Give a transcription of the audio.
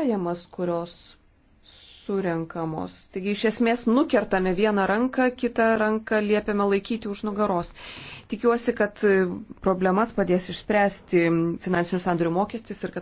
pajamas, kurios surenkamos. Taigi iš esmės nukertame vieną ranką, kitą ranką liepiame laikyti už nugaros. Tikiuosi, kad problemas padės išspręsti finansinių sandorių mokestis ir kad